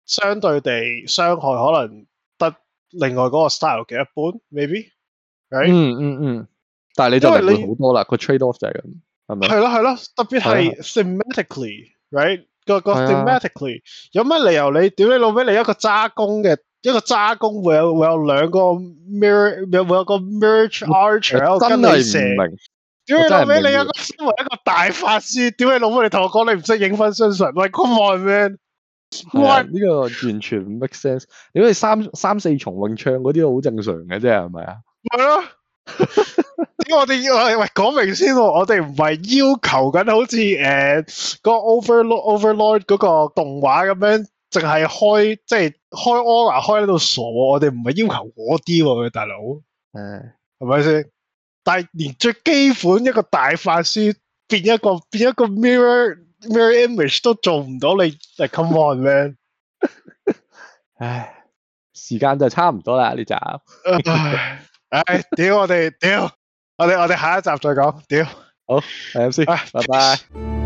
相對地傷害可能得另外嗰個 style 嘅一半，maybe right 嗯。嗯嗯嗯。但係你就係會好多啦，個 trade off 就係咁，係咪？係咯，係咯，特別係 thematically right 個個 thematically 有乜理由你屌你老味一個揸弓嘅一個揸弓會有會有兩個 Mirage 有冇有個 Mirage Archer 跟住射？真係唔明，屌你老味一個身為一個大法師，屌你老味同我講你唔識影分身術？喂，come on man，喂呢個完全 make sense。如果你三三四重詠唱嗰啲好正常嘅啫，係咪啊？係咯。 我哋要喂講明先，我哋唔係要求緊好似誒、欸那個 Overlord Overlord 嗰個動畫咁樣，淨係開即係、就是、開 overlay 開到傻，我哋唔係要求嗰啲大佬，誒係咪先？但係連最基本一個大法師變一個變一個 mirror mirror image 都做唔到你，你嚟 come on man！唉，時間就差唔多啦呢集。這個 哎，屌我哋屌，我哋我哋下一集再講屌。好，係咁先，拜拜。